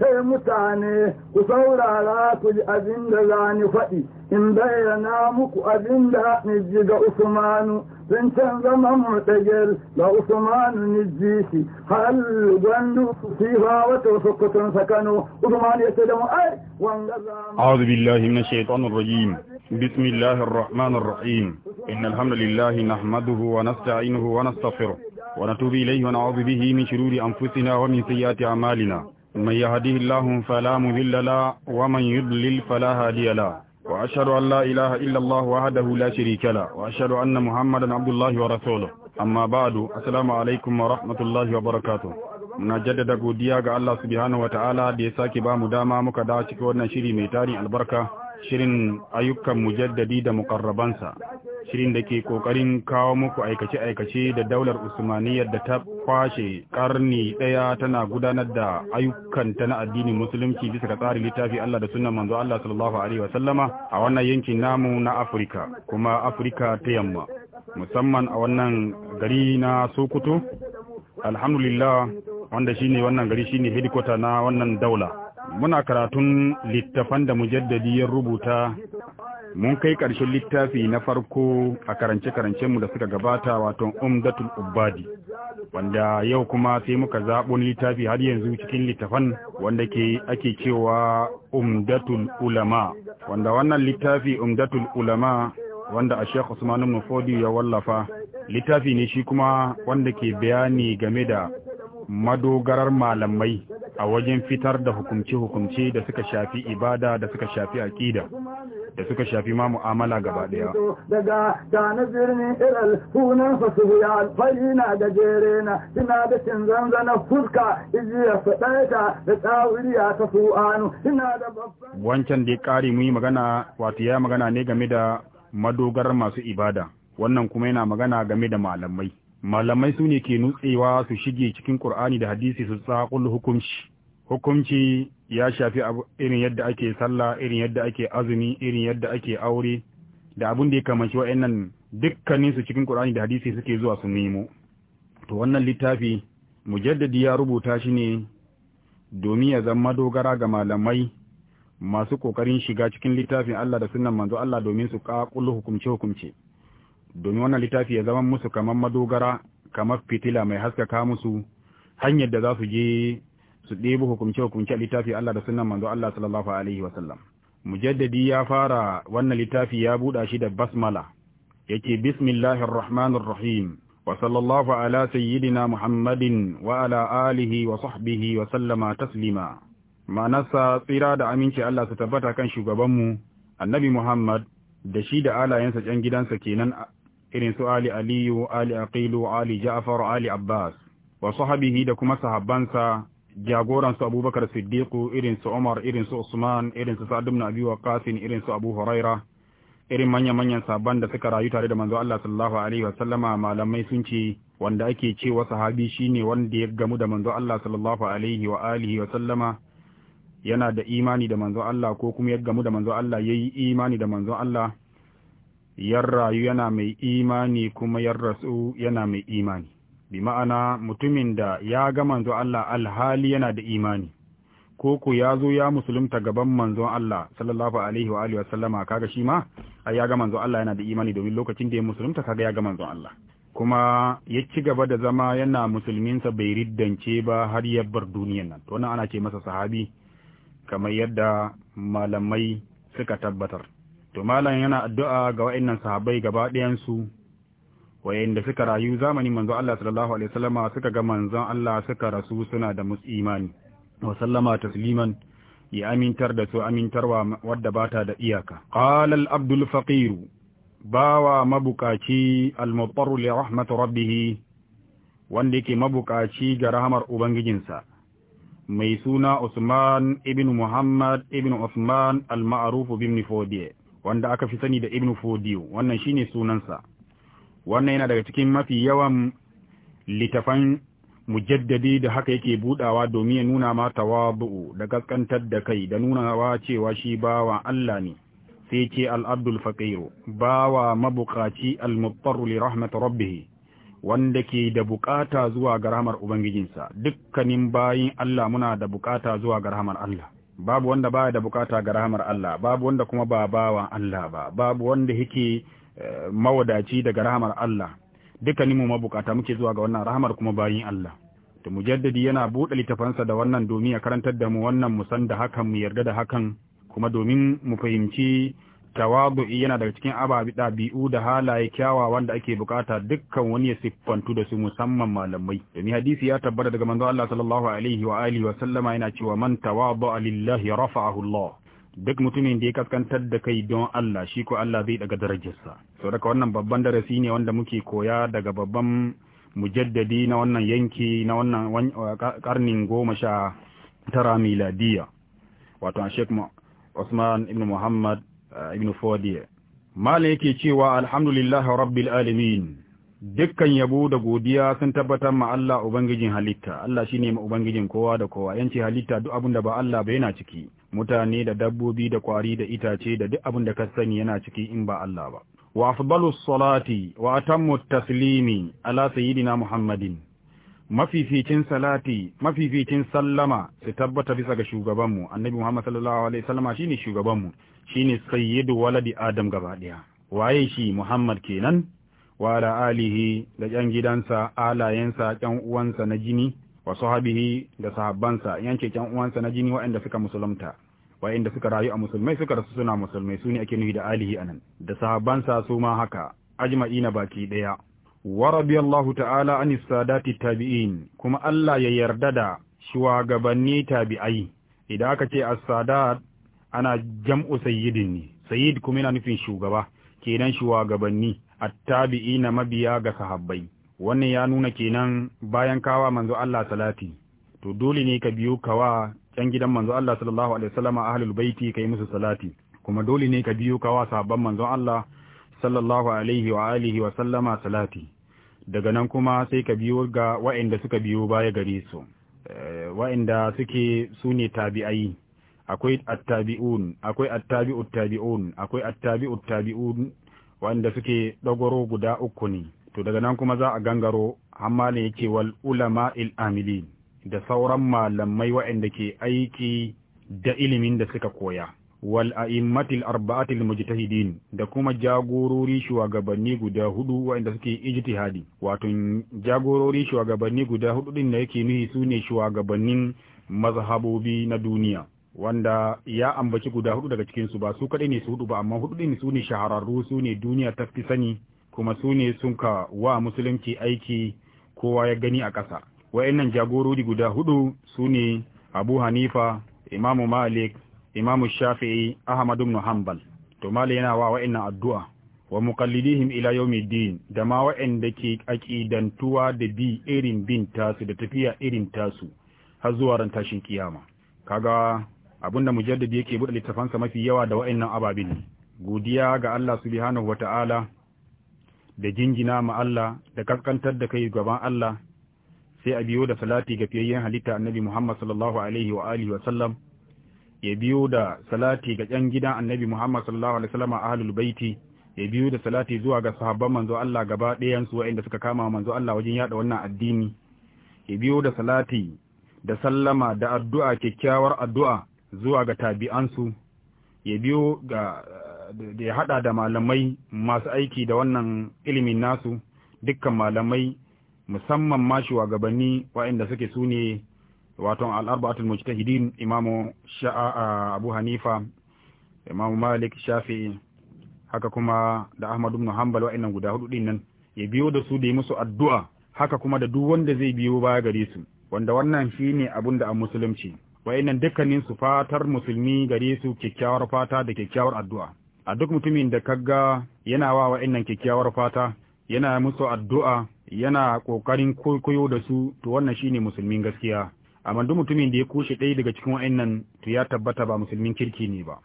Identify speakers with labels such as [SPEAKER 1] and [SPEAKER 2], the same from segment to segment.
[SPEAKER 1] sai mutane ku saurara ku ji abin da za ni faɗi in bayyana muku abin da ji ga usmanu sun can zama murtajar ga usmanu niji shi hal gwandu fiha wata sukutun sakano usmanu ya ce da mu ai wanga zama a'udhu billahi minash shaitanir rajim بسم الله الرحمن الرحيم إن الحمد لله نحمده ونستعينه ونستغفره ونتوب إليه ونعوذ به من شرور أنفسنا ومن سيئات أعمالنا من يهديه الله فلا مذل له ومن يضلل فلا هادي له وأشهد أن لا إله إلا الله وحده لا شريك له وأشهد أن محمدا عبد الله ورسوله أما بعد السلام عليكم ورحمة الله وبركاته muna jaddada godiya ga Allah subhanahu wataala da ya sake ba mu dama muka da cikin wannan shiri mai tarin albarka shirin ayyukan mujaddadi da mukarrabansa shirin da ke kokarin kawo muku aikace-aikace da daular usmaniyar da ta kwashe karni ɗaya tana gudanar da ayyukanta na addinin musulunci bisa ga tsarin littafi Allah da sunan manzo Allah sallallahu alaihi wa sallama. a wannan yankin namu na Afirka kuma Afirka ta yamma musamman a wannan gari na Sokoto alhamdulillah wanda shine wannan gari shine headquarter na wannan daula muna karatun littafan da mujaddadi ya rubuta mun kai ƙarshen littafi na farko a karance mu da suka gabata wato umdatul ubadi wanda yau kuma sai muka zaɓo littafi har yanzu cikin littafan wanda ke ake cewa umdatul ulama wanda wannan littafi umdatul ulama wanda a shekh usman mufodi ya wallafa littafi ne shi kuma wanda ke bayani game da madogarar malamai a wajen fitar da hukumce-hukumce da suka shafi ibada da suka shafi aƙida da suka shafi ma mu'amala gaba daya daga dana birnin iral sunan fasu ya alfali na gajere na da cin zanzana fuska ijiya su ɗaya da tsawiriya ta anu ina da babban wancan da ya ƙari mu yi magana wato ya magana ne game da madogarar masu ibada wannan kuma yana magana game da malamai malamai su ne ke nutsewa su shige cikin ƙur'ani da hadisi su tsakul hukunci hukunci ya shafi irin yadda ake sallah irin yadda ake azumi irin yadda ake aure da abin da ya kamanci wa'annan dukkanin su cikin Qur'ani da hadisi suke zuwa su nemo to wannan littafi mujaddadi ya rubuta shi ne domin ya zama dogara ga malamai masu kokarin shiga cikin littafin Allah da sunnan manzo Allah domin su kakulu hukumce hukumce domin wannan littafi ya zama musu kamar madogara kamar fitila mai haskaka musu hanyar da za su je su ɗebi hukumce hukumce littafi Allah da sunan manzo Allah sallallahu alaihi wasallam mujaddadi ya fara wannan littafi ya buɗa shi da basmala yake bismillahir rahmanir rahim wa sallallahu ala sayyidina muhammadin wa ala alihi wa sahbihi wa sallama taslima ma'anarsa tsira da aminci Allah su tabbata kan shugabanmu annabi muhammad da shi da alayensa can gidansa kenan irin su Ali Aliyu, Ali Aqilu, Ali Ja'far, Ali Abbas, wa sahabihi da kuma sahabbansa jagoransu abubakar siddiqu irin su umar irin su usman irin su sa'ad ibn abi waqas irin su abu huraira irin manyan manyan da suka rayu tare da manzo Allah sallallahu alaihi wa sallama malamai sun ce wanda ake cewa sahabi shine wanda ya gamu da manzo Allah sallallahu alaihi wa alihi wa sallama yana da imani da manzo Allah ko kuma ya gamu da manzo Allah yayi imani da manzo Allah yar rayu yana mai imani kuma yar rasu yana mai imani bi ma'ana mutumin da ya ga manzo Allah alhali yana da imani ko ku ya zo ya musulunta gaban manzon Allah sallallahu alaihi wa alihi wa kaga shi ma ai ya ga manzon Allah yana da imani domin lokacin da ya musulunta kaga ya ga manzon Allah kuma ya ci gaba da zama yana musulminsa bai riddance ba har ya bar duniyar nan to wannan ana ce masa sahabi kamar yadda malamai suka tabbatar to malam yana addu'a ga wa'annan sahabbai gaba ɗayan su wayanda suka rayu zamanin manzo Allah sallallahu alaihi wasallama suka ga manzon Allah suka rasu suna da musimani wa sallama tasliman ya amintar da su amintarwa wadda bata da iyaka qala al abdul faqir bawa mabukaci al mutarru li rahmat rabbih wanda yake mabukaci ga rahmar ubangijinsa mai suna Usman ibn Muhammad ibn Usman al-ma'ruf ibn wanda aka fi sani da ibn Fodiyo wannan shine sunansa wannan yana daga cikin mafi yawan litafan mujaddadi da haka yake budawa domin ya nuna ma tawabu da kaskantar da kai da nunawa cewa shi bawa Allah ne sai ce al-abdul faqir bawa mabukaci al-muttar li rahmat rabbih wanda ke da bukata zuwa ga rahmar ubangijinsa dukkanin bayin Allah muna da bukata zuwa ga rahmar Allah babu wanda baya da bukata ga rahmar Allah babu wanda kuma ba bawan Allah ba babu wanda yake mawadaci daga rahamar Allah dukkanin mu mabukata muke zuwa ga wannan rahamar kuma bayin Allah da mujaddadi yana buɗe littafansa da wannan domin ya karantar da mu wannan mu san da hakan mu yarda da hakan kuma domin mu fahimci tawadu'i yana daga cikin ababi ɗabi'u da halaye kyawa wanda ake bukata dukkan wani ya siffantu da su musamman malamai domin hadisi ya tabbata daga manzo Allah sallallahu alaihi wa alihi wa sallama yana cewa man tawada'a lillahi rafa'ahu Allah duk mutumin da ya kaskantar da kai don Allah shi ko Allah zai daga darajarsa so daga wannan babban darasi ne wanda muke koya daga babban mujaddadi na wannan yanki na wannan karnin goma sha tara miladiya wato Sheikh Usman ibn Muhammad uh, ibn Fodiye mala yake cewa alhamdulillah rabbil alamin dukkan yabo da godiya sun tabbatar ma Allah ubangijin halitta Allah shine ubangijin kowa da kowa yanci halitta duk abin da ba Allah ba yana ciki mutane da dabbobi da kwari da itace da duk abin da ka sani yana ciki in ba Allah ba wa afdalus salati wa atammu taslimi ala sayyidina muhammadin mafificin salati mafificin sallama su tabbata bisa ga shugabanmu annabi muhammad sallallahu alaihi wasallama shine shugabanmu shine sayyidu waladi adam gaba daya waye shi muhammad kenan wa ala alihi da yan gidansa alayensa yan uwansa na jini wa sahabihi da sahabbansa yanke can uwansa na jini waɗanda suka musulunta waɗanda suka rayu a musulmai suka rasu suna musulmai su ne ake nuhi da alihi anan da sahabbansa su ma haka na baki ɗaya wa radiyallahu ta'ala an isadati tabi'in kuma Allah ya yarda da shugabanni tabi'ai idan aka ce as-sadat ana jam'u sayyidin ne sayyid kuma yana nufin shugaba kenan shugabanni at-tabi'ina mabiya ga sahabbai wannan ya nuna kenan bayan kawa manzo Allah salati to dole ne ka biyo kawa can gidan manzo Allah sallallahu alaihi wasallama ahlul baiti kai musu salati kuma dole ne ka biyo kawa sahabban manzo Allah sallallahu alaihi wa alihi wa sallama salati daga nan kuma sai ka biyo ga wa'inda suka biyo baya gare su eh, wa'inda suke su ne tabi'ai akwai attabi'un akwai attabi'ut tabi'un akwai attabi'ut tabi'un wa'inda suke dagwaro guda uku ne to daga nan kuma za a gangaro amma ne yake wal ulama il amilin da sauran malamai waanda ke aiki da ilimin da suka koya wal a'immatil arba'atil mujtahidin da kuma jagorori shugabanni guda hudu wa'anda suke ijtihadi wato jagorori shugabanni guda hudu din da yake nuhi sune shugabannin mazhabobi na duniya wanda ya ambaci guda hudu daga cikin su ba su kadai ne su hudu ba amma hudu din su ne shahararru su ne duniya ta fi sani kuma su ne sun ka wa musulunci aiki kowa ya gani a ƙasa Wa'innan jagorori guda hudu su ne abu hanifa imamu malik imamu shafi'i Ahmadu ibn hanbal to mali yana wa wa'innan addu'a wa muqallidihim ila yawmiddin da ma wa'inda ke aqidantuwa da bi irin bin tasu da tafiya irin tasu har zuwa ran tashin kiyama kaga da mujaddid yake buɗe littafansa mafi yawa da wa'innan ababin godiya ga Allah subhanahu wata'ala da jingina ma Allah da kaskantar da kai gaban Allah sai a biyo da salati ga fiyayyen halitta annabi Muhammad sallallahu alaihi wa alihi wa sallam ya biyo da salati ga ƴan gidan annabi Muhammad sallallahu alaihi wasallam ahlul baiti ya biyo da salati zuwa ga sahabban manzo Allah gaba ɗayan su waɗanda suka kama manzo Allah wajen yada wannan addini ya biyo da salati da sallama da addu'a kyakkyawar addu'a zuwa ga tabi'ansu ya biyo ga da ya haɗa da malamai masu aiki da wannan ilimin nasu dukkan malamai musamman ma shugabanni waɗanda suke su ne wato al'arba'atul mujtahidin imamu sha'a abu hanifa imamu malik shafi haka kuma da ahmadu ibn hanbal waɗannan guda hudu din nan ya biyo da su da yi musu addu'a haka kuma da duk wanda zai biyo baya gare su wanda wannan shi ne abun da a musulunci wayannan dukkanin su fatar musulmi gare su kyakkyawar fata da kyakkyawar addu'a a duk mutumin da kaga yana wa wa'annan kyakkyawar fata yana musu addu'a yana kokarin koyo da su to wannan shine musulmin gaskiya amma duk mutumin da ya kushe ɗaya daga cikin wa'annan to ya tabbata ba musulmin kirki ne ba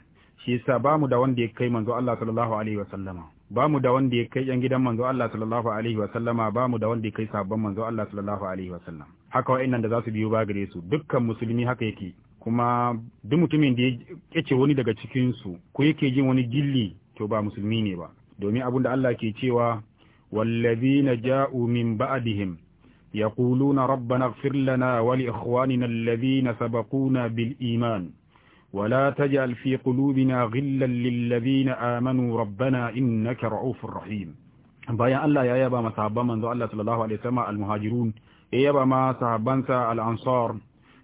[SPEAKER 1] shi yasa bamu da wanda ya kai manzo Allah sallallahu alaihi wasallama bamu da wanda ya kai yan gidan manzo Allah sallallahu alaihi wasallama bamu da wanda ya kai sabon manzo Allah sallallahu alaihi wasallam haka wa'annan da za su biyo ba gare su dukkan musulmi haka yake kuma duk mutumin da ya ce wani daga cikin su ko yake jin wani gilli to ba musulmi ne ba domin abin da Allah ke cewa wallazina ja'u min ba'dihim yaquluna rabbana ighfir lana wa li ikhwanina alladhina sabaquna bil iman ولا تجعل في قلوبنا غلا للذين آمنوا ربنا إنك رؤوف رحيم bayan Allah ya yaba ma sahabban manzo Allah sallallahu alaihi wasallam al-muhajirun ya yaba ma sahabbansa al-ansar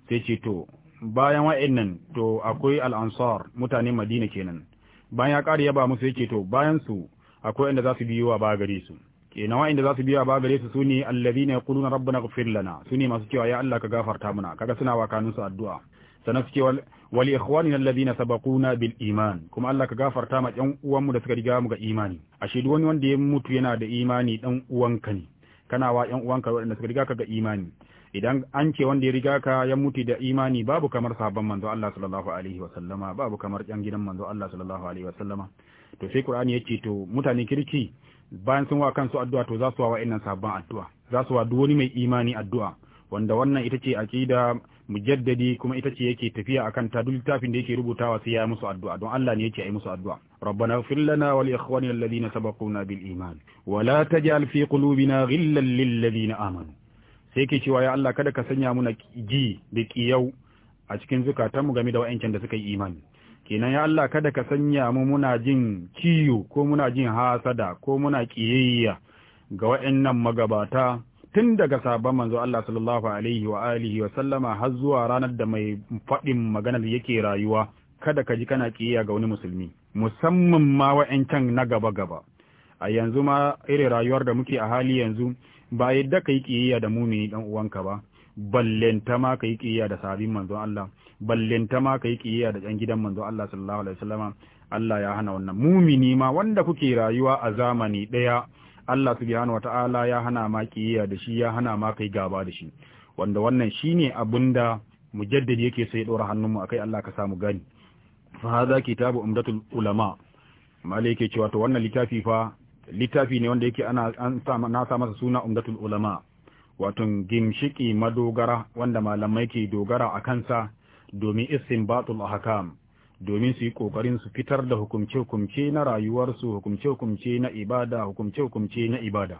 [SPEAKER 1] sai ce to bayan wa'annan to akwai al'ansar mutane madina kenan bayan ya ƙari yaba musu yake to bayan su akwai inda za su biyo wa ba su kenan wa'anda za su biyo wa bagare su sune allazina yaquluna rabbana ighfir lana sune masu cewa ya Allah ka gafarta muna kaga suna wa kanun su addu'a sannan su ce wal ikhwanina allazina sabaquna bil iman kuma Allah ka gafarta ma yan uwan mu da suka riga mu ga imani ashe duk wani wanda ya mutu yana da imani dan uwanka ne kana wa ƴan uwanka waɗanda suka riga ka ga imani idan an ce wanda ya riga ka ya mutu da imani babu kamar sahabban manzo Allah sallallahu alaihi wa sallama babu kamar yan gidan manzo Allah sallallahu alaihi wa sallama to sai Qur'ani yake to mutane kirki bayan sun wa kansu addu'a to za su wa wa'annan sahabban addu'a za su wa duwani mai imani addu'a wanda wannan ita ce aqida mujaddadi kuma ita ce yake tafiya akan ta duk littafin da yake rubutawa sai ya yi musu addu'a don Allah ne yake yi musu addu'a rabbana ighfir lana wa li alladhina sabaquna bil iman wa la taj'al fi qulubina ghillan lil ladina amanu sai ke cewa ya Allah kada ka sanya muna ji da kiyau a cikin zukatanmu game da wa'ancan da suka yi imani kenan ya Allah kada ka sanya mu muna jin ciyo ko muna jin hasada ko muna kiyayya ga wa'annan magabata tun daga sabon manzo Allah sallallahu alaihi wa alihi wa sallama har zuwa ranar da mai faɗin maganar yake rayuwa kada ka ji kana kiyayya ga wani musulmi musamman ma wa'ancan na gaba gaba a yanzu ma irin rayuwar da muke a hali yanzu ba yadda ka yi ƙiyayya da mumini ɗan uwanka ba ballenta ma ka yi ƙiyayya da sabin manzon Allah ballenta ma ka yi ƙiyayya da ɗan gidan manzon Allah sallallahu alaihi wasallama Allah ya hana wannan mumini ma wanda kuke rayuwa a zamani ɗaya Allah subhanahu wata'ala ya hana ma ƙiyayya da shi ya hana ma kai gaba da shi wanda wannan shine mu jaddada yake sai ɗora hannunmu akai Allah ka samu gani fa hadha kitabu umdatul ulama malai yake cewa to wannan littafi fa littafi ne wanda yake ana an sa na sa masa suna umdatul ulama wato gimshiki madogara wanda malamai ke dogara a kansa domin istinbatul ahkam domin su yi kokarin su fitar da hukumce-hukumce na rayuwarsu hukumce-hukumce na ibada hukumce-hukumce na ibada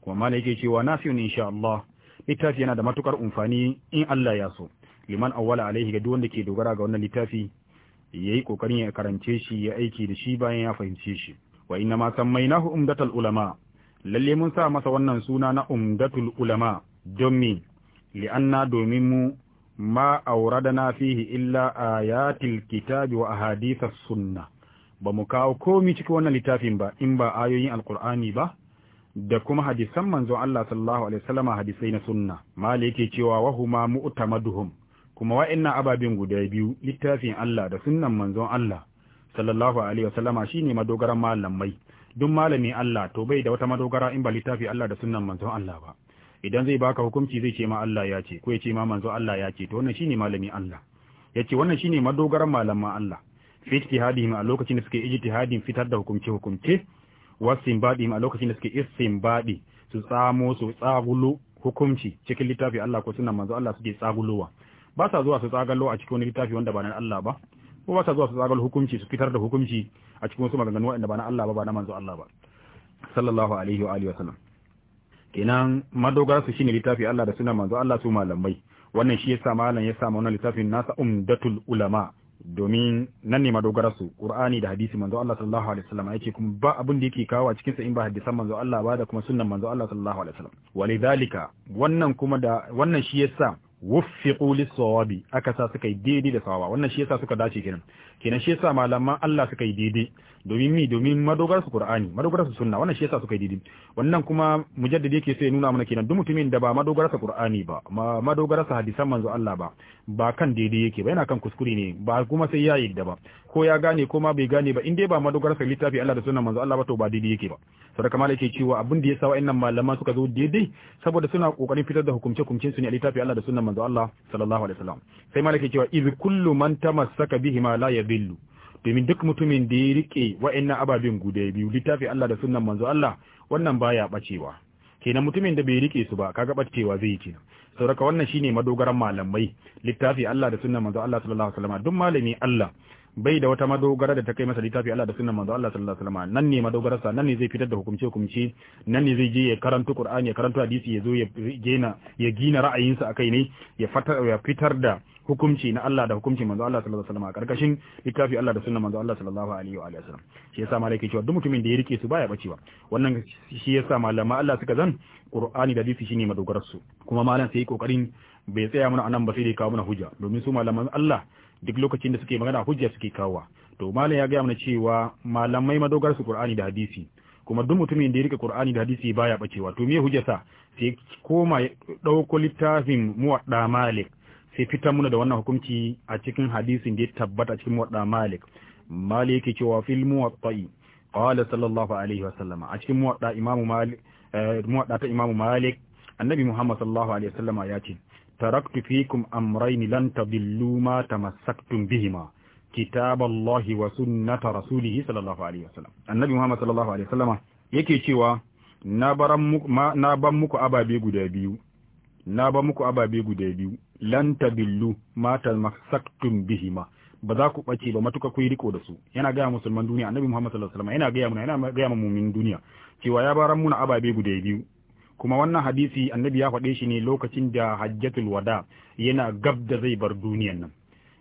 [SPEAKER 1] kuma mana yake cewa nafiyun insha Allah littafi yana da matukar umfani in Allah ya so liman awwala alaihi ga wanda ke dogara ga wannan littafi yayi kokarin ya karance shi ya aiki da shi bayan ya fahimce shi wa inna ma sammainahu umdatul ulama lalle mun sa masa wannan suna na umdatul ulama Domin mi li'anna domin mu ma auradana fihi illa ayatil kitabi wa ahadithas sunna ba mu kawo komi cikin wannan littafin ba in ba ayoyin alqur'ani ba da kuma hadisan manzon Allah sallallahu alaihi wasallama hadisai na sunna mali cewa wa huma mu'tamaduhum kuma wa'annan ababin guda biyu littafin Allah da sunnan manzon Allah sallallahu alaihi wasallama shine madogaran malamai duk malami Allah to bai da wata madogara in ba littafi Allah da sunnan manzon Allah ba idan zai baka hukunci zai ce ma Allah ya ce ko ya ce ma manzon Allah ya ce to wannan shine malami Allah yace wannan shine madogaran malaman Allah fi ijtihadihim a lokacin da suke ijtihadin fitar da hukunci wasin wasinbadihim a lokacin da suke badi su tsamo su tsagulu hukunci cikin littafi Allah ko sunan manzo Allah suke tsagulowa ba sa zuwa su tsagalo a cikin wani littafi wanda ba na Allah ba ko ba sa zuwa su zagal hukunci su fitar da hukunci a cikin wasu maganganu waɗanda ba na Allah ba ba na manzo Allah ba sallallahu alaihi wa alihi wa sallam kenan madogara su shine littafi Allah da sunan manzo Allah su malamai wannan shi yasa malam ya samu wannan littafin nasa umdatul ulama domin nan ne madogara su qur'ani da hadisi manzo Allah sallallahu alaihi wasallam yake kuma ba abin da yake kawo a cikin sa in ba hadisan manzo Allah ba da kuma sunnan manzo Allah sallallahu alaihi wasallam walidhalika wannan kuma da wannan shi yasa wuffiqu lis-sawabi aka sa suka yi daidai da sawaba wannan shi yasa suka dace kenan kenan shi yasa malaman Allah suka yi daidai domin mi domin madogar su Qur'ani madogar su sunna wannan shi yasa suka yi daidai wannan kuma mujaddidi yake sai nuna mana kenan duk mutumin da ba madogar sa Qur'ani ba madogar sa hadisan manzo Allah ba ba kan daidai yake ba yana kan kuskure ne ba kuma sai ya yi da ba ko ya gane ko ma bai gane ba in dai ba madogar sa littafi Allah da sunnan manzo Allah ba to ba daidai yake ba saboda kamar yake cewa abin da ya sa wa'annan malaman suka zo daidai saboda suna kokarin fitar da hukumce hukumcin su ne a littafi Allah da sunnan manzo Allah sallallahu alaihi wasallam sai malaka cewa iz kullu man tamassaka bihi ma la yadhillu domin duk mutumin da ya rike wa'annan ababen guda biyu littafi Allah da sunnan manzo Allah wannan baya bacewa kenan mutumin da bai rike su ba kaga battewa zai kenan sauraka wannan shine madogaran malamai littafi Allah da sunnan manzo Allah sallallahu alaihi wasallam duk malami Allah bai da wata madogara da ta kai masa littafi Allah da sunan manzo Allah sallallahu alaihi wasallam nan ne madogararsa nan ne zai fitar da hukumce hukumce nan ne zai je ya karanta Qur'ani ya karanta hadisi ya zo ya gina ya gina ra'ayinsa akai ne ya fitar da hukunci na Allah da hukunci manzo Allah sallallahu alaihi wasallam a karkashin littafi Allah da sunnan manzo Allah sallallahu alaihi wa alihi wasallam shi yasa malaikai cewa duk mutumin da ya rike su baya bacewa wannan shi yasa malama Allah suka zan Qur'ani da hadisi shine madogarar su kuma malam sai kokarin bai tsaya mana anan ba sai dai kawo mana hujja domin su malaman Allah duk lokacin da suke magana hujja suke kawowa to malam ya gaya mana cewa malamai madogar su Qur'ani da hadisi kuma duk mutumin da ya rike Qur'ani da hadisi baya bacewa to me sa sai koma dauko littafin muwadda Malik sai fitar muna da wannan hukunci a cikin hadisin da ya tabbata cikin muwadda Malik Malik yake cewa fil muwatta'i qala sallallahu alaihi wa sallama a cikin muwadda imamu Malik eh, muwadda ta imamu Malik annabi Muhammad sallallahu alaihi wa sallama ya ce taraktu fikum amrayn lan tadillu ma tamassaktum bihima kitaballahi wa sunnata rasulih sallallahu alaihi wasallam annabi muhammad sallallahu alaihi wasallama yake cewa na baran muku na ban muku ababe guda biyu na ban muku ababe guda biyu ba za ku bace ba matuka ku yi riko da su yana gaya musulman duniya annabi muhammad sallallahu alaihi wasallam yana gaya muna yana mumin duniya cewa ya baran muna ababe guda biyu kuma wannan hadisi annabi ya faɗe shi ne lokacin da hajjatul wada yana gab da zai bar duniyan nan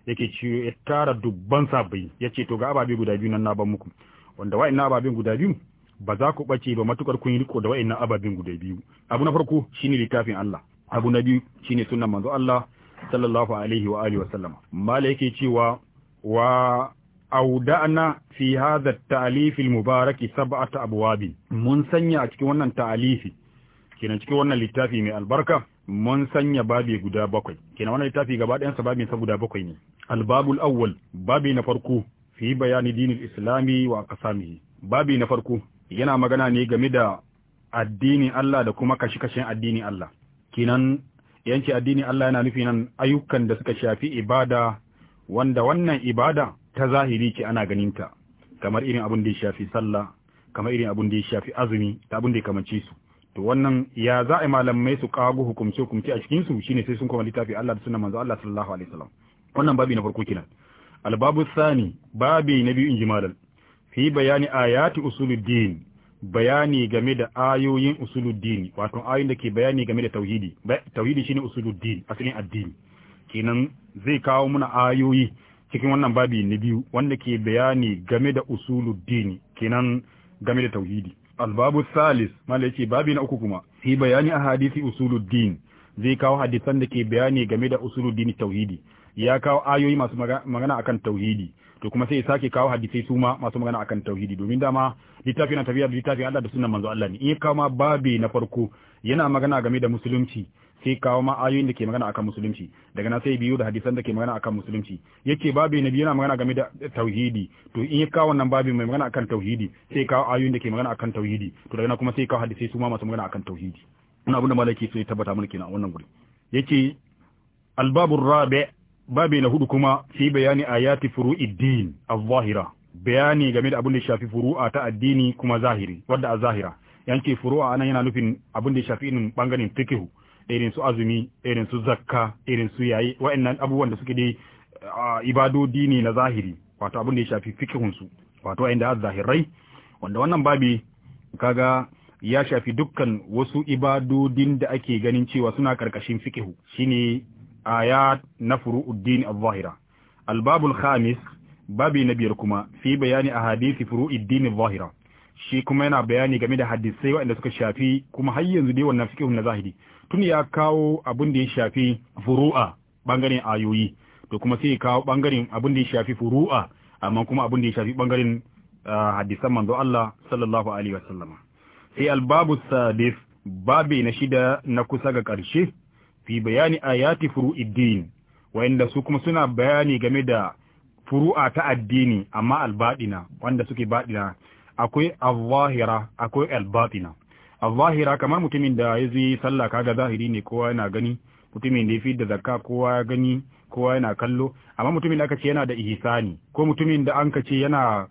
[SPEAKER 1] yake ce ya tara dubban sabai ya ce to ga ababe guda biyu nan na ban muku wanda wa'annan ababen guda biyu ba za ku ɓace ba matukar kun yi riko da wa'annan ababen guda biyu abu na farko shine littafin Allah abu na biyu shine sunan manzo Allah sallallahu alaihi wa alihi wa sallama mala yake cewa wa أودأنا في هذا التأليف المبارك سبعة mun sanya a cikin wannan تأليفي kenan cikin wannan littafi mai albarka mun sanya babi guda bakwai kenan wannan littafi gaba ɗayan sa babin sa guda bakwai ne albabul awwal babi na farko fi bayani dinil islami wa aqsamihi babi na farko yana magana ne game da addinin Allah da kuma kashi-kashin addinin Allah kenan yanci addinin Allah yana nufi nan ayyukan da suka shafi ibada wanda wannan ibada ta zahiri ce ana ganinta kamar irin abin da ya shafi sallah kamar irin abin da ya shafi azumi da abin da ya kamance su to wannan ya za a malamai su kago hukumce hukumce a cikin su shine sai sun koma littafi Allah da sunan manzo Allah sallallahu alaihi wasallam wannan babi na farko kenan albabu sani babi na biyu inji fi bayani ayati usuluddin bayani game da ayoyin usuluddin wato ayoyin da ke bayani game da tauhidi tauhidi shine usuluddin asalin addini kenan zai kawo muna ayoyi cikin wannan babi na biyu wanda ke bayani game da usuluddin kenan game da tauhidi albabu salis malaki babi na uku kuma sai bayani a hadisi usuluddin zai kawo hadisan da ke bayani game da usuluddin tauhidi ya kawo ayoyi masu magana akan tauhidi to kuma sai sake kawo hadisai su ma masu magana akan tauhidi domin dama littafi na tafiya da littafin Allah da sunan manzo Allah ne in ya kawo ma babi na farko yana magana game da musulunci sai kawo ma ayoyin da ke magana akan musulunci daga nan sai biyu da hadisan da ke magana akan musulunci yace babu nabi yana magana game da tauhidi to in ya kawo wannan babu mai magana akan tauhidi sai kawo ayoyin da ke magana akan tauhidi to daga nan kuma sai kawo hadisai su ma masu magana akan tauhidi wannan abin da malaki sai tabbata mana kenan a wannan guri yace albabur rabi babu na hudu kuma fi bayani ayati furu'id-din az-zahira bayani game da abin da shafi furu'a ta addini kuma zahiri wadda a zahira yanke furu'a anan yana nufin abin da shafi irin bangaren fikihu irin su azumi irin su zakka irin su yayi wa'annan abubuwan da suke dai ibadodi ne na zahiri wato abin da ya shafi fikihun su wato inda zahirai wanda wannan babi kaga ya shafi dukkan wasu ibadodin da ake ganin cewa suna karkashin fikihu shine aya na furu'uddin az-zahira al-babul khamis babi na biyar kuma fi bayani ahadisi furu'uddin az-zahira shi kuma yana bayani game da hadisai waɗanda suka shafi kuma har yanzu dai wannan fiqhun na zahiri tun ya kawo abin da ya shafi furu'a bangaren ayoyi to kuma sai ya kawo bangaren abin da ya shafi furu'a amma kuma abin da ya shafi bangaren ah, hadisan manzo Allah sallallahu alaihi wasallama sai albabu sadif babe na shida na kusa ga karshe fi bayani ayati furu'iddin wanda su kuma suna bayani game da furu'a ta addini amma albaɗina wanda suke baɗina akwai al-zahira akwai al-batina al-zahira kamar mutumin da ya zai sallah kaga zahiri ne kowa yana gani mutumin da ya fi da zakka kowa ya gani kowa yana kallo amma mutumin da aka ce yana da ihsani ko mutumin da an ka ce yana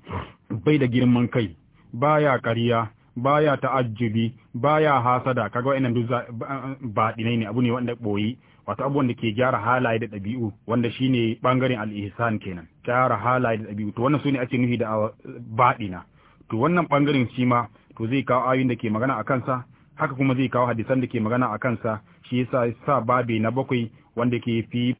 [SPEAKER 1] bai da girman kai baya kariya baya ta'ajjubi baya hasada kaga wa'annan duk baɗinai ne abu ne wanda boyi wato abubuwan da ke gyara halaye da ɗabi'u wanda shine bangaren al-ihsan kenan gyara halaye da ɗabi'u to wannan sune ake nufi da uh, baɗina to wannan bangaren shi ma to zai kawo ayoyin da ke magana a kansa haka kuma zai kawo hadisan da ke magana a kansa shi yasa sa babe na bakwai wanda ke fi